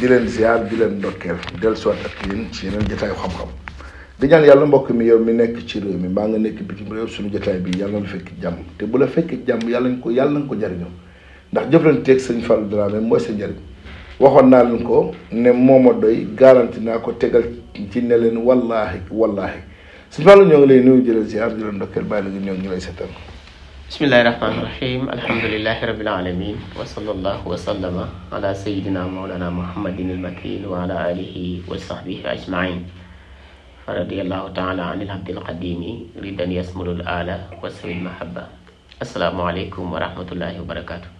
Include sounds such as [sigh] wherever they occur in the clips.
di leen ziar di leen ndokkeel dellusiwaat ak yéen ci yeneen jotaayu xam-xam di ñaan yàlla mbokk mi yow mi nekk ci réew mi mbaa nga nekk bitim réew suñu jotaay bi yàlla na fekk jàmm te bu la fekkee jàmm yàlla na ko yàlla na ko jariñoo ndax jëflanteeg sëñ Fallou Dramé mooy sa njariñ waxoon naa leen ko ne moom ma doy garanti naa ko tegal ci ne leen wallaahi wallaahi sëñ Fallou ñoo ngi lay nuyu di leen ziar di leen ndokkeel bàyyi la ñu ñoo ngi lay seetaan bismillahi rahmaani rahim alhamdulilahi rabil alamin wa sallallahu wa sallama ala sayidina mawlana muhammadin almakin wa ala alihi wa sahbihi ajmain fa radiallahu taala an ilhabdil qadimi ridan yasmulul ala wa sawil mahabba asalaamaaleykum wa rahmatullahi wa barakaatu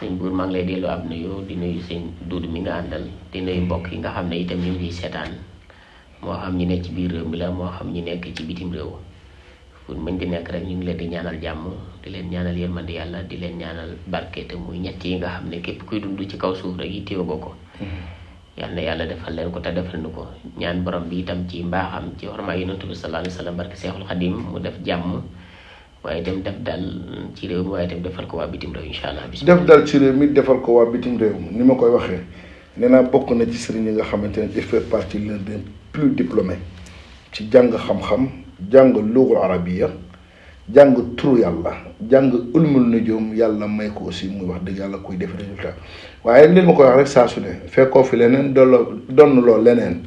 sëñ buur maa ngi lay dellu ab nuyu di nuyu sëñ duud mi nga àndal di nuyu mbokk yi nga xam ne itam ñu ngi seetaan moo xam ñi nekk ci biir réew mi la moo xam ñi nekk ci bitim réew fu mën di nekk rek ñu ngi leen di ñaanal jàmm leen ñaanal yërmande yàlla di leen ñaanal barke te muy ñett yi xam ne képp kuy dund ci kaw suuf rek yittewoo ko ko. Mm-hmm. yal na yàlla defal leen ko te defal nu ko ñaan borom bi itam ci mbaaxam ci xormaa yonent bi sallallahu alayhi wa sallam barke Seexul Xadim mu def jàmm. waaye dem def daal ci réew mi waaye dem defal ko waa bitim réew incha allah. def daal mi defal ko waa bitim ni ma koy waxee nee naa bokk na ci sëriñ yi nga xamante ne di faire partie l'un des plus diplômés ci jàng xam-xam. jàng luuxul arabiya jàng turu yàlla jàng ulmul nujum yàlla may ko si muy wax dëgg yàlla kuy def résultat waaye li ma koy wax rek saa su ne fekkoo fi leneen dolloo donn loo leneen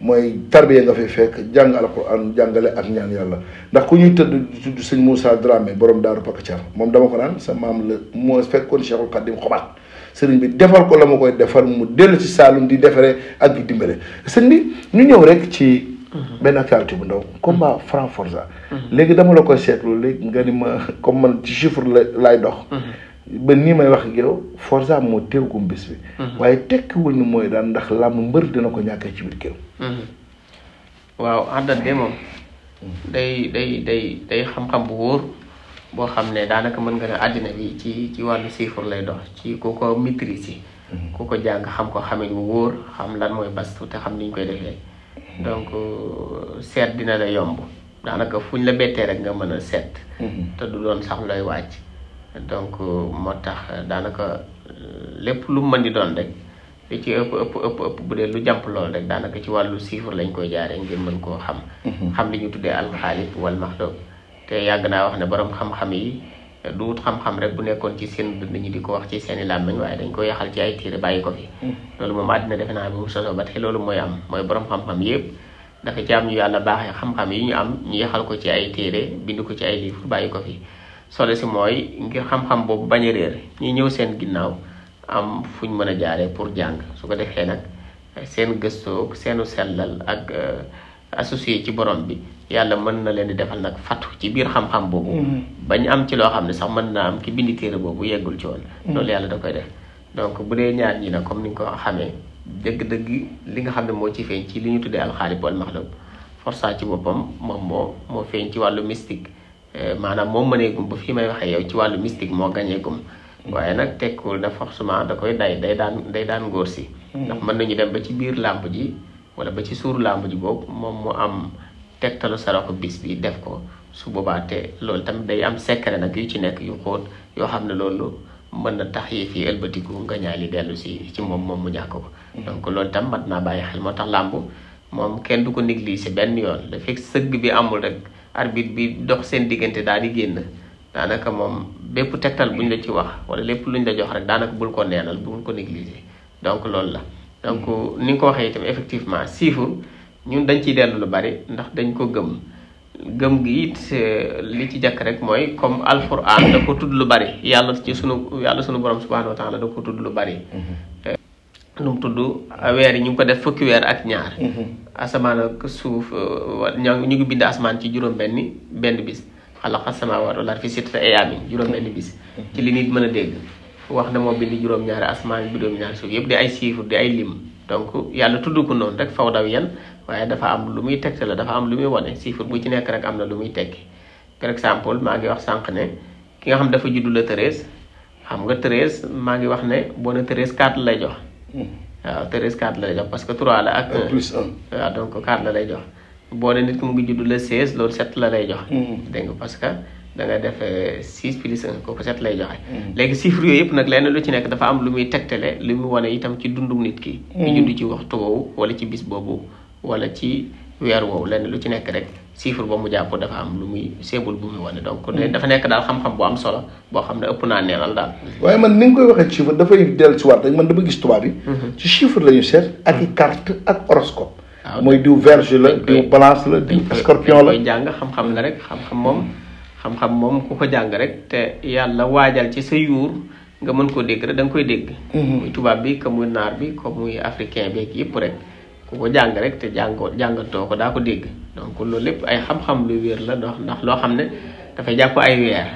mooy tarbiya nga fi fekk jàng alquran jàngale ak ñaan yàlla ndax ku ñuy tëdd tudd sëñ Moussa Dramé borom daaru Pakacar moom dama ko naan sa maam la moo fekkoon Cheikhul Khadim xobaat sëriñ bi defal ko la ma koy defar mu dellu si Saalum di defaree ak di dimbale sëñ bi ñu ñëw Mhm. benn actualité bu ndaw mhm. combat franc forza mhm. léegi dama la koy seetlu léegi nga ni ma comme man ci chiffre la laay dox ba nii may wax ak yow forza moo teewgum bis bi waaye tekkiwul ni mooy daan ndax làmb mbër dina ko ñàkkee ci biir kéew xam ne daanaka mën nga ne àddina bi ci ci wàllu chiffre lay dox ci ku ko maîtriser ku ko jàng xam ko xamee bu wóor xam lan mooy bastu te xam ni koy defee donc seet dina la yomb daanaka fuñ la bettee rek nga mën a seet mhm. te du doon sax looy wàcc donc moo tax daanaka euh, lépp lu mën di doon rek li ci ëpp ëpp ëpp bu dee lu jàmp lool rek daanaka ci wàllu chiffre lañ koy jaaree ngir mën koo xam mhm. xam li ñu tuddee alxaalib wal maxloob te yàgg naa wax ne borom xam-xam yi duut xam-xam rek bu nekkoon ci seen dund di ko wax ci seen i làmmiñ waaye dañ koy yaxal ci ay téere bàyyi ko fi hmm. loolu moom àddina defe naa bi mu loolu mooy am mooy borom xam-xam yëpp dafa ci yàlla baaxee xam-xam yi ñu am ñu yaxal ko ci ay téere bind ko ci ay livre bàyyi ko fi solo si mooy ngir xam-xam boobu bañ a réer ñi ñëw seen ginnaaw am fuñ mën a jaaree pour jàng su ko defee nag seen gëstoo seenu sellal ak euh, associé ci borom bi yàlla mën na leen di defal nag fatu ci biir xam-xam boobu ba mm-hmm. bañ am ci loo xam ne sax mën na am ki bindi téere boobu yeggul ci woon mm-hmm. loolu yàlla da koy def donc bu dee ñaar ñi na comme ni nga ko xamee dëgg-dëgg li nga xam ne moo ci feeñ ci li ñu tuddee alxaalib wal maxlub forsa ci boppam moom moo moo feeñ ci wàllu mystique eh, maanaam moom mëneegum ba fi may waxee yow ci wàllu mystique moo gañeegum mm-hmm. waaye nag tekkul na forcément da koy day day daan day daan ngóor si ndax mën nañu dem ba ci biir làmp ji wala ba ci suur làmb ji boobu moom mu am tegtalu saraxu bis bi def ko su boobaa te loolu tamit day am secret nag yu ci nekk yu xóot yoo xam ne loolu mën na tax yi fii ëlbatiku nga ñaali dellu si ci moom moom mu ñàkk ko mm-hmm. donc loolu tam mat naa bàyyi xel moo tax làmb moom kenn du ko négliger benn yoon la sëgg bi amul rek arbitre bi dox seen diggante daal di génn daanaka moom bépp tegtal buñ la ci wax wala lépp luñ la jox rek daanaka bul ko neenal bul ko négliger donc loolu la donc mm-hmm. ni nga ñun dañ ciy dellu lu bari ndax dañ ko gëm gëm gi it li ci jàkk rek mooy comme alxuraan da ko tudd lu bari yàlla ci sunu yàlla sunu borom subhaanahu wa taala da ko tudd lu bari lu mm-hmm. mu tudd weer ñu ngi ko def fukki weer ak ñaar mm-hmm. asamaan ak suuf euh, ñu ngi bind asamaan ci juróom benni benn bis xalaqa samaawaati wal arda fi sittati ayaamin juróom benn bis mm-hmm. ci li nit mën a dégg wax ne moo bind juróom-ñaari asamaan bi juróom-ñaari suuf yëpp di ay chiffres di ay lim donc yàlla tudd ko noonu rek faw daw yan waaye dafa am lu muy tegtale dafa am lu muy wane chiffre bu ci nekk rek am na lu muy teg par exemple maa ngi wax sànq ne ki nga xam dafa juddu la treize xam nga treize maa ngi wax ne boo ne treize quatre lay jox hmm. waaw treize quatre lay jox parce que trois la ak plus un waaw donc quatre la lay jox boo ne nit ki mu ngi juddu la seize loolu sept la lay jox hmm. dégg nga parce que da nga def 6 euh, plus 1 kooku lay joxe. Hmm. léegi chiffres yooyu yëpp nag lenn lu ci nekk dafa am lu muy tegtale lu muy wane itam ci dundum nit ki. ñu judd ci waxtu woowu wala ci bis boobu. wala ci weer woowu lenn lu ci nekk rek chiffre ba mu jàpp dafa am lu muy seebul bu muy wane donc mm. dafa nekk daal xam-xam bu am solo boo xam ne ëpp naa neelal daal waaye man ni nga koy waxee chiffre dafay dellu si waat rek man dama gis tubaab yi mm-hmm. ci chiffre la ñu seet ak i mm-hmm. carte ak horoscope ah, mooy diw verge la diw balance la diw scorpion la jàng xam-xam la rek xam-xam moom xam-xam moom ku ko jàng rek te yàlla waajal ci sa yuur nga mën koo dégg rek da nga koy dégg mm-hmm. muy tubaab bi comme muy naar bi comme muy africain beeg yëpp rek ku ko jàng rek te jàngoo jàngatoo ko daa ko dégg donc loolu lépp ay xam-xam lu la dox ndax loo xam ne dafay jàpp ay weer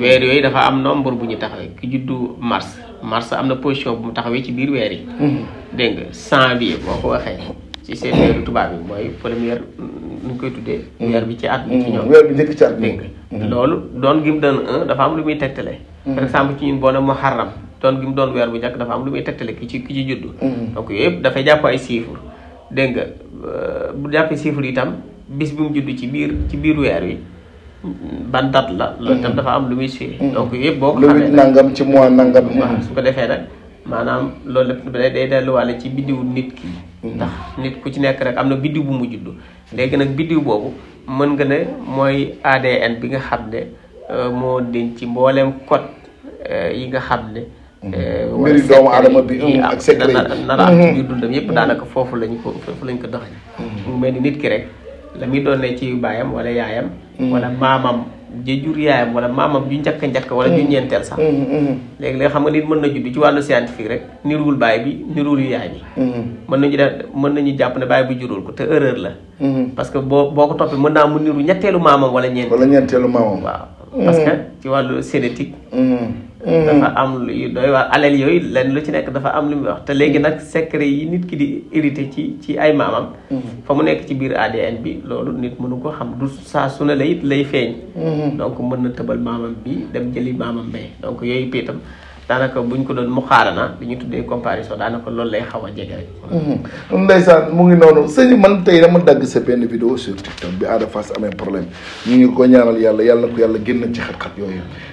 weer yooyu dafa am nombre bu ñu taxawee ki juddu mars mars am na position bu taxawee ci biir weer yi mm-hmm. dégg nga janvier boo ko waxee ci seen weeru tubaab bi mooy première nu ñu koy tuddee weer bi bi ci ñoom weer bi ci at mm-hmm. dégg mm-hmm. loolu doon gi mu doon dafa am lu muy tegtale par exemple ci ñun boo ne muharram doon gi mu doon weer bu jàkk dafa am lu muy tegtale ki ci ki juddu donc yooyu yëpp dafay jàpp ay chiffres dégg nga bu jàppee chiffre itam bis bi mu judd ci biir ci biir weer wi ban date la. loolu itam dafa am lu muy suy. Mm-hmm. donc yëpp boo nangam ci mois nangam. waaw su ko defee nag maanaam loolu lépp day delluwaale ci biddiwu nit ki. Mm-hmm. ndax nit ku ci nekk rek am na biddiw bu mu judd. léegi nag biddiw boobu mën nga ne mooy ADN bi nga xam ne euh, moo denc ci mbooleem code euh, yi nga xam ne. Euh, mbiri doomu bi ak secret nara am ci biir dundam yëpp mhm. daanaka foofu lañ ko foofu lañ ko doxee mhm. mu mel ni nit ki rek la muy doonee ci baayam wala yaayam mhm. wala maamam ji jur yaayam wala maamam ju njëkk njëkk wala ju ñeenteel sax léegi léegi xam nga nit mën na judd ci wàllu scientifique rek niruwul baay bi niruwul yaay bi mën nañu def mën nañu jàpp ne baay bu jurul ko te erreur la parce que boo boo ko toppee mën naa mu niru ñetteelu maamam wala ñeenteelu wala ñeenteelu maamam waaw parce que ci wàllu génétique dafa mm. am lu doy waar yooyu lenn lu ci nekk dafa am lu muy wax te léegi nag secret yi nit ki di hérité ci ci ay maamam mm. fa mu nekk ci biir ADN bi loolu nit mënu ko xam du saa su ne la it lay feeñ mm-hmm. donc mën na tëbal maamam bi dem jëli maamam bee donc yooyu itam daanaka buñ ko doon muxaarana li ñu tuddee comparaison daanaka loolu lay xaw a jege rek. Mm-hmm. man tey dama dagg sa benn vidéo sur TikTok bi Ada Fass amee problème ñu ngi ko ñaanal yàlla yàlla na ko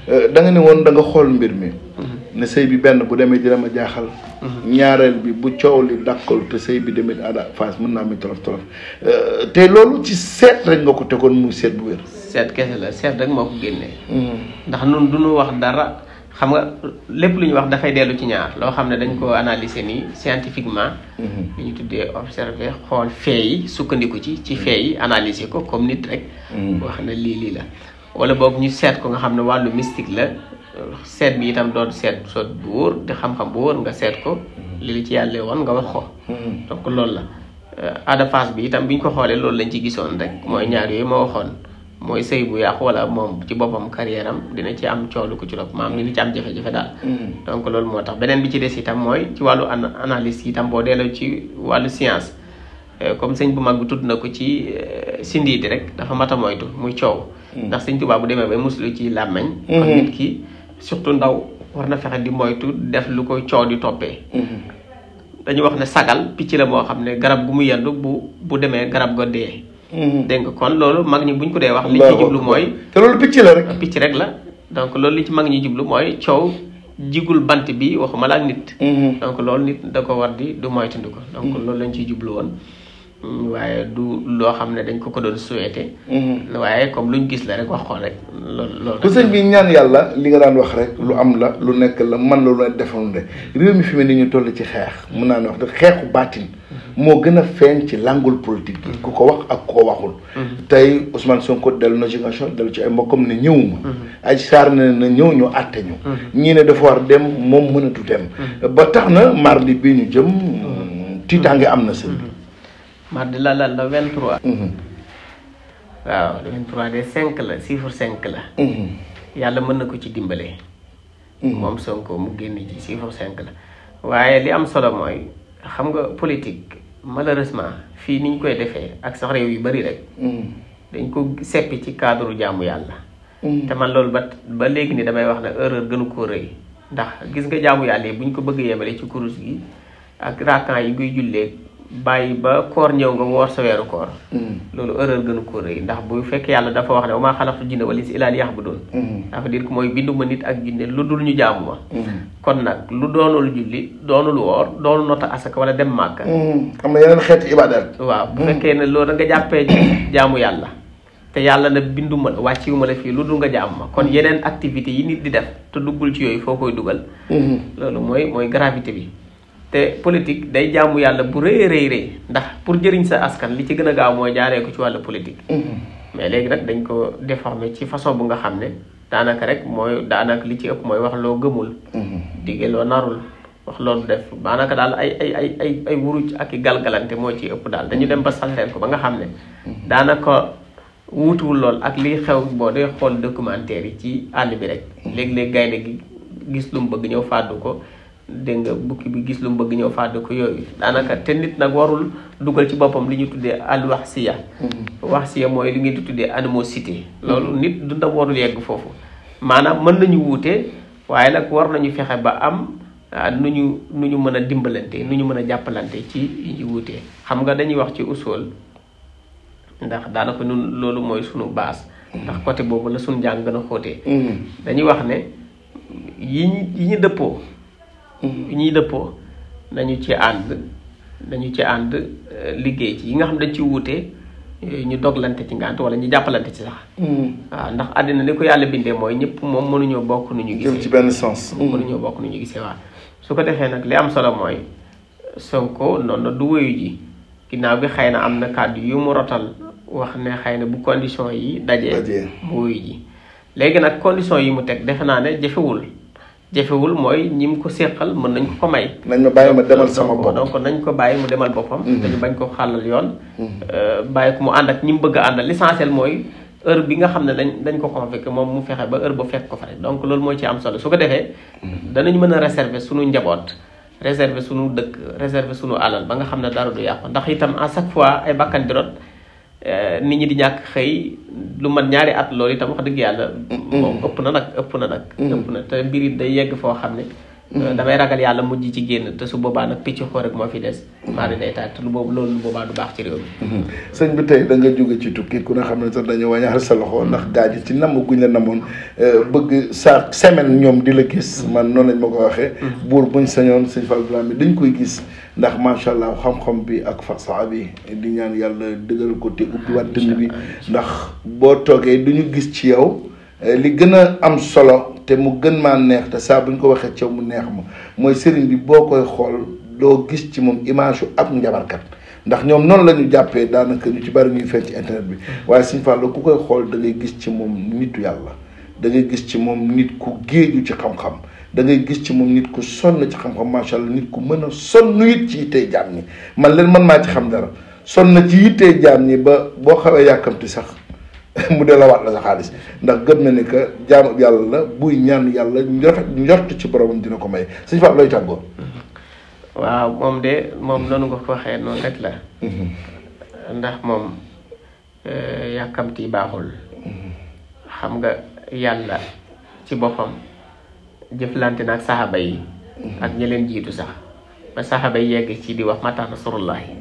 eh, da nga ne woon da xool mbir mi. Mm-hmm. ne sëy bi benn bu demee dina ma jaaxal. Mm-hmm. ñaareel bi bu coow li dàqal te bi demit Ada Fass mën naa mi tolof tolof eh, te loolu ci seet rek nga ko tegoon muy seet bu wér. seet la seet rek moo ko génnee. ndax nun du wax dara. xam nga lépp lu ñuy wax dafay dellu ci ñaar loo xam ne dañ ko mm-hmm. analyser nii scientifiquement mm-hmm. ñu tuddee observer xool fee sukkandiku ci ci fee yi mm-hmm. analyser ko comme nit rek wax na lii lii la wala boog ñu seet ko nga xam ne wàllu mystique la seet bi itam doon seet sot bu wóor te xam-xam bu nga seet ko li li ci yàlla woon nga wax ko donc loolu la aada euh, phase bi itam bi ñu ko xoolee loolu lañ ci gisoon rek mooy ñaar yooyu ma waxoon mooy sëy bu yàqu wala moom ci boppam carrière am dina ci am coow lu ko ci topp maam dina ci am jafe-jafe daal. Mm. donc loolu moo tax beneen bi ci des itam mooy ci wàllu analyse itam boo delloo ci wàllu science euh, comme sëñ bu mag bi tudd na ko ci euh, sindi di rek dafa mat a moytu muy coow. Mm. ndax sëñ tubaab bu demee bay muslu ci làmmañ. kon mm-hmm. nit ki surtout ndaw war na fexe di moytu def lu ko coow di toppee. Mm-hmm. dañu wax ne sagal picc la moo xam ne garab gu mu yendu bu bu demee garab ga dee. Mm-hmm. dégg nga kon loolu mag ñi bu buñ ko dee wax. li ci jublu mooy. te loolu picc la rek. picc rek la donc loolu li ci mag ñi jublu mooy coow jigul bant bi waxuma la ak nit. Mm-hmm. donc loolu nit da ko war di du ko donc mm-hmm. loolu lañ ciy jublu woon. waaye du loo xam ne dañ ko ko doon souhaité. Mhm. waaye comme luñ gis la rek wax ko rek. loolu loolu bu sëñ bi ñaan yàlla li nga daan wax rek lu am la lu nekk la man la lu ne defoon rek réew mi fi mu ne ñu toll ci xeex mun naa ne wax dëgg xeexu baatin. moo gën a feeñ ci langul politique mhm. ku ko wax ak ku ko waxul. Mhm. tey Ousmane Sonko dellu na Ziguinchor dellu ci ay mbokkam ne ñëwuma. ay saar na ne ñëw ñu àtte ñu. ñii ne dafa war dem moom mënatu dem. ba tax na mardi bii ñu jëm. tiitaange am na sëñ mardi la lan mhm. waaw de cinq la chiffre cinq la mhm. yàlla mën na ko ci dimbale mhm. moom Sonko mu génn ci chiffre cinq la waaye li am solo mooy xam nga politique malheureusement fii ni ñu koy defee ak sax réew yu bari rek dañ ko seppi ci cadre jaamu yàlla te man loolu ba ba léegi ni damay wax ne erreur gënu ko rëy ndax gis nga jaamu yàlla yi bu ñu ko bëgg yemale ci kurus gi ak raakan yi guy jullee bàyyi ba koor ñëw nga mu war sa weeru koor mm. loolu erreur gënu ko rëy ndax bu fekk yàlla dafa wax ne wa maa xalaqtu jinne wala si ilaa liya'buduun dafa mm. dire que mooy bindu ma nit ak jinne lu dul ñu jaamu ma mm. kon nag lu doonul julli doonul woor doonul nota asaka wala dem màkka am na yeneen xeeti waaw bu fekkee ne loolu da nga jàppee jaamu yàlla te yàlla na binduma la wàcciwuma la fii lu dul nga jaam ma kon yeneen activités yi nit di def te duggul ci yooyu foo koy dugal mm-hmm. loolu mooy mooy gravité bi te politique day jaamu yàlla bu rëy rëy rëy ndax pour jëriñ sa askan li ci gën a gaaw mooy jaaree ko ci wàllu politique. Mm-hmm. mais léegi nag dañ ko déformé ci façon bu nga xam ne daanaka rek mooy daanaka li ci ëpp mooy wax loo gëmul. Mm-hmm. dige loo narul wax loolu def daanaka daal ay ay ay ay ay wuruj ak i galgalante moo ci ëpp daal dañu dem ba salteen ko ba nga xam ne. Mm-hmm. daanaka wuutuwul lool ak liy xew boo dee xool documentaire yi ci àll bi rek. léeg-léeg gaynde gi gis lu mu bëgg ñëw fàddu ko. dégg nga bukki bi gis lu mu bëgg ñëw fàdd ko yooyu daanaka te nit nag warul dugal ci boppam li ñu tuddee al waxsiya mm-hmm. waxsiya mooy li ngeen tuddee animosité loolu nit dundam warul yegg foofu maanaam mën nañu wuute waaye nag war nañu fexe ba am ah, nu ñu nu ñu mën a dimbalante nu ñu mën a jàppalante ci yi ñu wuutee xam nga dañuy wax ci usul ndax daanaka nun loolu mooy sunu baas mm-hmm. ndax côté boobu la sunu jàng gën a xóotee mm-hmm. dañuy wax ne yi ñu dëppoo ñii ñuy dëppoo nañu ci ànd nañu ci ànd euh, liggéey ci yi nga xam dañ ci wuute euh, ñu doglante ci ngànt wala ñu jàppalante ci sax. Hmm. waaw ndax àddina li ko yàlla bindee mooy ñëpp moom mënuñoo bokk nu ñu gisee. ci benn sens. Hmm. mënuñoo bokk nu ñu gisee su ko defee nag li am solo mooy Sonko noonu la du wéyu ji ginnaaw bi xëy na am na kàddu yu mu rotal wax ne xëy na bu condition yi dajee mu wéyu ji léegi nag condition yi mu teg defe naa ne jafewul. jefewul mooy ñi mu ko séqal mën nañ ko ko may. nañ ma bàyyi ma demal sama bopp donc nañ ko bàyyi mu demal boppam. te mm-hmm. ñu bañ ko xàllal yoon. Mm-hmm. Euh, bàyyi ko mu ànd ak ñi mu bëgg a àndal l'essentiel mooy heure bi nga xam ne dañ dañ ko convoqué moom mu fexe ba heure ba fekk ko fa rek donc loolu mooy ci am solo su ko defee. Mm-hmm. danañ mën a réserver sunu njaboot. réserver sunu dëkk réserver sunu alal ba nga xam ne dara du yàqu ndax itam à chaque fois ay bakkan di rot Euh, nit ñi di ñàkk xëy lu mat ñaari at loolu itam wax dëgg yàlla. moom ëpp na nag ëpp na nag. ëpp na te mbir day yegg foo xam ne. Euh, damay ragal yàlla mujj ci génn te su boobaa nag picc xool rek moo fi des. maa day taal te lu boobu loolu lu boobaa du baax ci réew mi. Mhm. sëñ bi tey da nga jóge ci tukki ku ne xam ne sax dañu wàññi sa loxo ndax gaa ji ci namm guñ la namoon euh, bëgg sa semaine ñoom di la gis. Mhm. man noonu lañ ma ko waxee. Mhm. buur buñ sañoon sëñ Fall Blanc bi dañ koy gis ndax macha allah xam-xam bi ak fasaa bi di ñaan yàlla dëggal ko te ubbiwaat dënn bi ndax boo toogee duñu gis ci yow euh, li gën a am solo. te mu gën maa neex te saa bu ñu ko waxee cew mu neex ma mooy sëriñ bi boo koy xool doo gis ci moom image yu ab njabarkat ndax ñoom noonu la ñu jàppee daanaka ñu ci bari ñuy feeñ ci internet bi waaye suñ fàllu ku koy xool da ngay gis ci moom nitu yàlla da ngay gis ci moom nit ku géeju ci xam-xam da gis ci moom nit ku sonn ci xam-xam macha allah nit ku mën a sonn it ci yittee jaam ñi man leen man maa ci xam dara sonn ci yittee jaam ñi ba boo xawee yàkkamti sax [laughs] mu delloowaat la sa xaalis ndax gën na ni que jaamu yàlla la buy ñaan yàlla njort njort ci boromam dina ko may sëñ Pape lay tàggoo. waaw moom de moom noonu nga ko waxee noonu rek la. Mhm. ndax moom eh, yàkkamti baaxul. Mhm. xam nga yàlla ci boppam jëflante na ak saxaaba yi. Mhm. ak ñi jiitu sax ba saxaaba yi yegg ci di wax mata nasrullahi.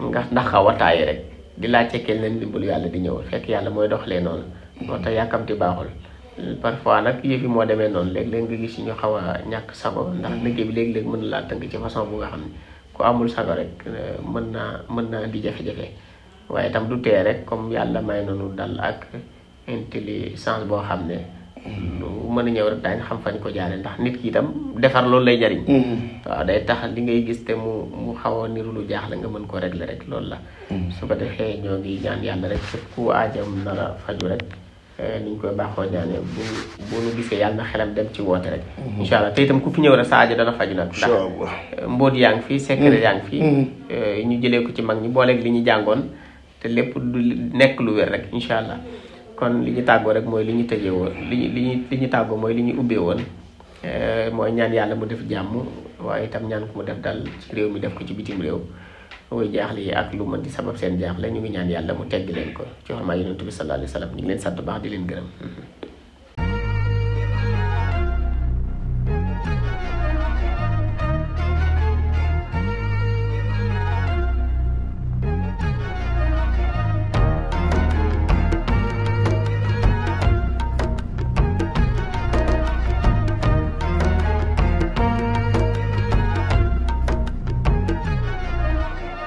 ndax ndax xaw a rek. di laa cekkee leen dimbalu yàlla di ñëwal fekk yàlla mooy dox doxalee noonu moo tax yàkkamti baaxul parfois nag yëf yi moo demee noonu léeg-léeg nga gis ñu xaw a ñàkk sago ndax liggéey bi léegi-léegi mën na laa tënk ci façon bu nga xam ne ku amul sago rek euh, mën na mën na di jafe-jafe waaye itam du tee rek comme yàlla may nanu dal ak intelligence boo xam ne lu mën a ñëw rek daañu xam fañ ko jaane ndax nit ki itam defar loolu lay jariñ mm-hmm. waaw day tax li ngay gis te mu mu xaw a niru lu jaax la nga mën ko régler rek loolu la mm-hmm. su ko defee ñoo ngi ñaan yàlla rek képp ku aajam nar a faju rek eh, ni ñu koy baaxoo ñaane bu gisee yàlla na xelam dem ci woote rek mm-hmm. incha allah te itam ku fi ñëw rek sa aajo dana faju nag ndax eh, mbóot yaa ngi fi secret yaa ngi fi eh, ñu jëlee ko ci mag ñi booleeg li ñu jàngoon te lépp du nekk lu wér rek incha allah kon li ñu tàggoo rek mooy li ñu tëjee woon li ñu li ñu li ñu tàggoo mooy li ñu ubbee woon eh, mooy ñaan yàlla mu def jàmm waaye itam ñaan ko mu def dal ci réew mi def ko ci bitim réew muy jaaxle yi ak lu mën di sabab seen jaaxle ñu ngi ñaan yàlla mu tegg leen ko ci xormaa yonent bi sallallahu alayhi wa sallam ñu leen sant baax di leen gërëm